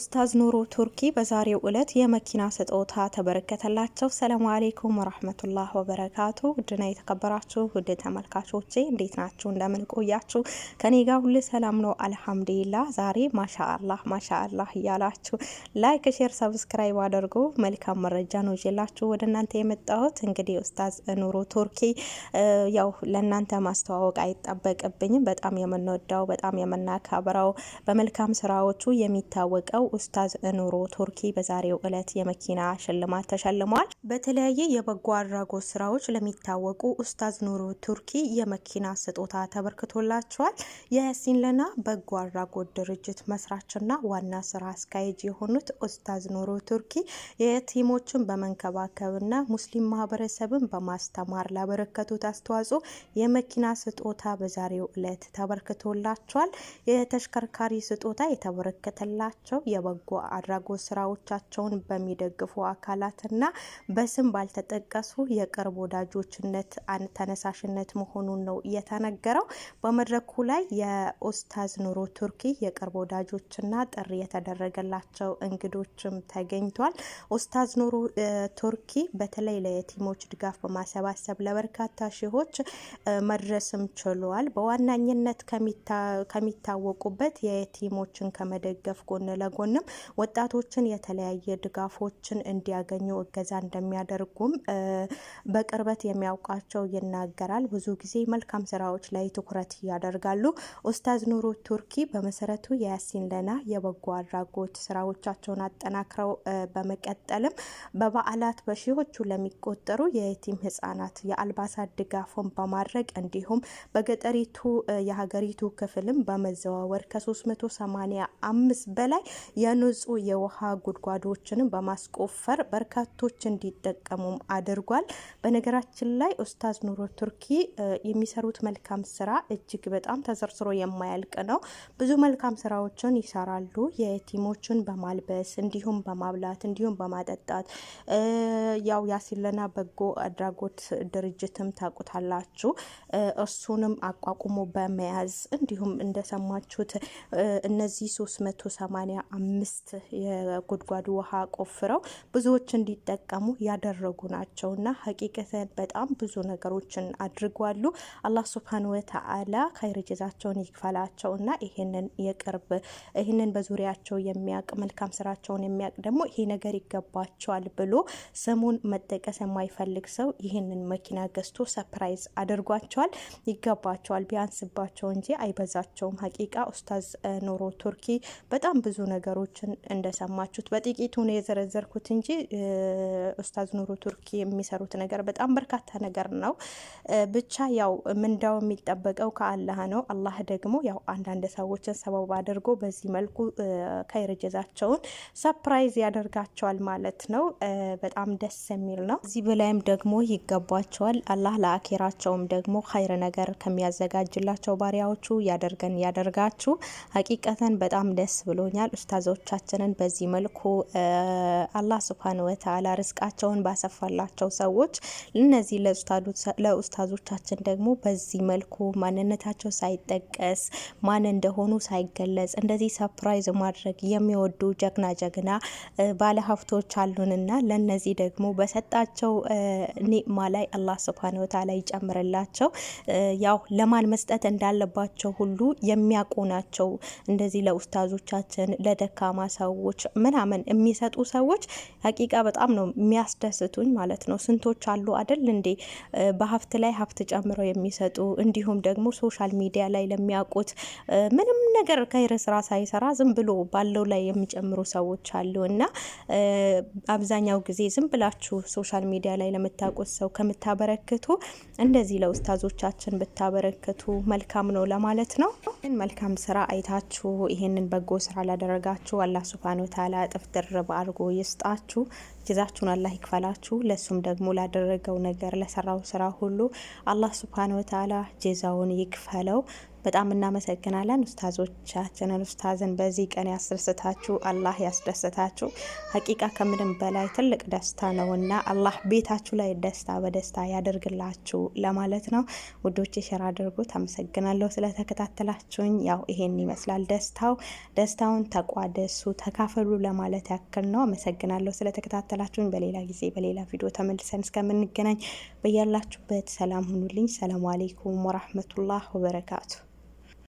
ኡስታዝ ኑሩ ቱርኪ በዛሬው ዕለት የመኪና ስጦታ ተበረከተላቸው። ሰላሙ አሌይኩም ወራህመቱላህ ወበረካቱ። ውድና የተከበራችሁ ውድ ተመልካቾቼ እንዴት ናችሁ? እንደምን ቆያችሁ? ከኔ ጋር ሁሉ ሰላም ነው አልሐምዱሊላ። ዛሬ ማሻአላህ ማሻአላህ እያላችሁ ላይክ፣ ሼር፣ ሰብስክራይብ አድርጉ። መልካም መረጃ ነው ይዤላችሁ ወደ እናንተ የመጣሁት። እንግዲህ ኡስታዝ ኑሩ ቱርኪ ያው ለእናንተ ማስተዋወቅ አይጠበቅብኝም። በጣም የምንወዳው በጣም የምናከብረው በመልካም ስራዎቹ የሚታወቀው ኡስታዝ ኑሩ ቱርኪ በዛሬው ዕለት የመኪና ሽልማት ተሸልመዋል። በተለያየ የበጎ አድራጎት ስራዎች ለሚታወቁ ኡስታዝ ኑሮ ቱርኪ የመኪና ስጦታ ተበርክቶላቸዋል። ለና በጎ አድራጎት ድርጅት መስራችና ዋና ስራ አስኪያጅ የሆኑት ኡስታዝ ኑሮ ቱርኪ የቲሞችን በመንከባከብና ሙስሊም ማህበረሰብን በማስተማር ላበረከቱት አስተዋጽኦ የመኪና ስጦታ በዛሬው ዕለት ተበርክቶላቸዋል። የተሽከርካሪ ስጦታ የተበረከተላቸው የበጎ አድራጎት ስራዎቻቸውን በሚደግፉ አካላትና በስም ባልተጠቀሱ የቅርብ ወዳጆችነት ተነሳሽነት መሆኑን ነው የተነገረው። በመድረኩ ላይ የኡስታዝ ኑሮ ቱርኪ የቅርብ ወዳጆችና ጥሪ የተደረገላቸው እንግዶችም ተገኝቷል። ኡስታዝ ኑሮ ቱርኪ በተለይ ለየቲሞች ድጋፍ በማሰባሰብ ለበርካታ ሺዎች መድረስም ችሏል። በዋናኝነት ከሚታወቁበት የየቲሞችን ከመደገፍ ጎን ለጎ ጎንም ወጣቶችን የተለያየ ድጋፎችን እንዲያገኙ እገዛ እንደሚያደርጉም በቅርበት የሚያውቃቸው ይናገራል። ብዙ ጊዜ መልካም ስራዎች ላይ ትኩረት ያደርጋሉ። ኡስታዝ ኑሩ ቱርኪ በመሰረቱ የያሲን ለና የበጎ አድራጎት ስራዎቻቸውን አጠናክረው በመቀጠልም በበዓላት በሺዎቹ ለሚቆጠሩ የየቲም ህጻናት የአልባሳት ድጋፎን በማድረግ እንዲሁም በገጠሪቱ የሀገሪቱ ክፍልም በመዘዋወር ከ385 በላይ የንጹህ የውሃ ጉድጓዶችንም በማስቆፈር በርካቶች እንዲጠቀሙም አድርጓል። በነገራችን ላይ ኡስታዝ ኑሮ ቱርኪ የሚሰሩት መልካም ስራ እጅግ በጣም ተዘርዝሮ የማያልቅ ነው። ብዙ መልካም ስራዎችን ይሰራሉ። የቲሞችን በማልበስ እንዲሁም በማብላት እንዲሁም በማጠጣት ያው ያሲለና በጎ አድራጎት ድርጅትም ታውቁታላችሁ። እሱንም አቋቁሞ በመያዝ እንዲሁም እንደሰማችሁት እነዚህ ሶስት መቶ ሰማኒያ አምስት የጉድጓድ ውሃ ቆፍረው ብዙዎች እንዲጠቀሙ ያደረጉ ናቸው እና ሀቂቀተን በጣም ብዙ ነገሮችን አድርጓሉ። አላህ ሱብሃነ ወተዓላ ኸይር ጀዛቸውን ይክፈላቸው እና ይሄንን የቅርብ ይህንን በዙሪያቸው የሚያቅ መልካም ስራቸውን የሚያቅ ደግሞ ይሄ ነገር ይገባቸዋል ብሎ ስሙን መጠቀስ የማይፈልግ ሰው ይህንን መኪና ገዝቶ ሰፕራይዝ አድርጓቸዋል። ይገባቸዋል ቢያንስባቸው እንጂ አይበዛቸውም። ሀቂቃ ኡስታዝ ኖሮ ቱርኪ በጣም ብዙ ነገር ነገሮችን እንደሰማችሁት በጥቂቱ ነው የዘረዘርኩት እንጂ ኡስታዝ ኑሩ ቱርኪ የሚሰሩት ነገር በጣም በርካታ ነገር ነው። ብቻ ያው ምንዳው የሚጠበቀው ከአላህ ነው። አላህ ደግሞ ያው አንዳንድ ሰዎችን ሰበብ አድርጎ በዚህ መልኩ ከይር ሰፕራይዝ ያደርጋቸዋል ማለት ነው። በጣም ደስ የሚል ነው። እዚህ በላይም ደግሞ ይገባቸዋል። አላህ ለአኬራቸውም ደግሞ ኸይር ነገር ከሚያዘጋጅላቸው ባሪያዎቹ ያደርገን ያደርጋችሁ። ሀቂቀተን በጣም ደስ ብሎኛል ኡስታዝ ኡስታዞቻችንን በዚህ መልኩ አላህ ሱብሃነ ወተዓላ ርስቃቸውን ባሰፋላቸው ሰዎች እነዚህ ለኡስታዞቻችን ደግሞ በዚህ መልኩ ማንነታቸው ሳይጠቀስ ማን እንደሆኑ ሳይገለጽ እንደዚህ ሰፕራይዝ ማድረግ የሚወዱ ጀግና ጀግና ባለሀብቶች አሉንና ለነዚህ ደግሞ በሰጣቸው ኒዕማ ላይ አላህ ሱብሃነ ወተዓላ ይጨምርላቸው። ያው ለማን መስጠት እንዳለባቸው ሁሉ የሚያውቁ ናቸው። እንደዚህ ለኡስታዞቻችን ለደ ደካማ ሰዎች ምናምን የሚሰጡ ሰዎች ሀቂቃ በጣም ነው የሚያስደስቱኝ ማለት ነው። ስንቶች አሉ አደል እንዴ በሀብት ላይ ሀብት ጨምረው የሚሰጡ እንዲሁም ደግሞ ሶሻል ሚዲያ ላይ ለሚያውቁት ምንም ነገር ከይር ስራ ሳይሰራ ዝም ብሎ ባለው ላይ የሚጨምሩ ሰዎች አሉ እና አብዛኛው ጊዜ ዝም ብላችሁ ሶሻል ሚዲያ ላይ ለምታውቁት ሰው ከምታበረክቱ እንደዚህ ለውስታዞቻችን ብታበረክቱ መልካም ነው ለማለት ነው። መልካም ስራ አይታችሁ ይሄንን በጎ ስራ ላደረጋችሁ አላህ ሱብሃነሁ ወተዓላ እጥፍ ድርብ አድርጎ ይስጣችሁ። ጅዛችሁን አላህ ይክፈላችሁ። ለሱም ደግሞ ላደረገው ነገር ለሰራው ስራ ሁሉ አላህ ሱብሃነሁ ወተዓላ ጅዛውን ይክፈለው። በጣም እናመሰግናለን ኡስታዞቻችንን። ኡስታዝን በዚህ ቀን ያስደስታችሁ፣ አላህ ያስደስታችሁ። ሀቂቃ ከምንም በላይ ትልቅ ደስታ ነውና አላህ ቤታችሁ ላይ ደስታ በደስታ ያደርግላችሁ ለማለት ነው ውዶች። የሸር አድርጉት። አመሰግናለሁ ስለተከታተላችሁኝ። ያው ይሄን ይመስላል ደስታው። ደስታውን ተቋደሱ፣ ተካፈሉ ለማለት ያክል ነው። አመሰግናለሁ ስለተከታተላችሁኝ። በሌላ ጊዜ በሌላ ቪዲዮ ተመልሰን እስከምንገናኝ በያላችሁበት ሰላም ሁኑልኝ። ሰላሙ አሌይኩም ወራህመቱላህ ወበረካቱ